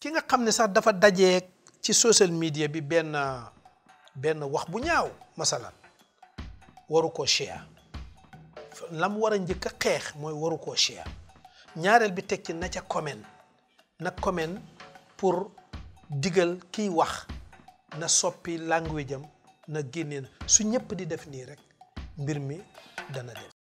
ki nga xamne sax dafa dajé ci social media bi ben, ben wax bu ñaaw masalan waru koo share lam wara ñëk xex moy waru share ñaarel bi tek ci na ca comment na comment pour digal ki wax na soppi language am na génnee su ñëpp di def ni rek mbir mi dana def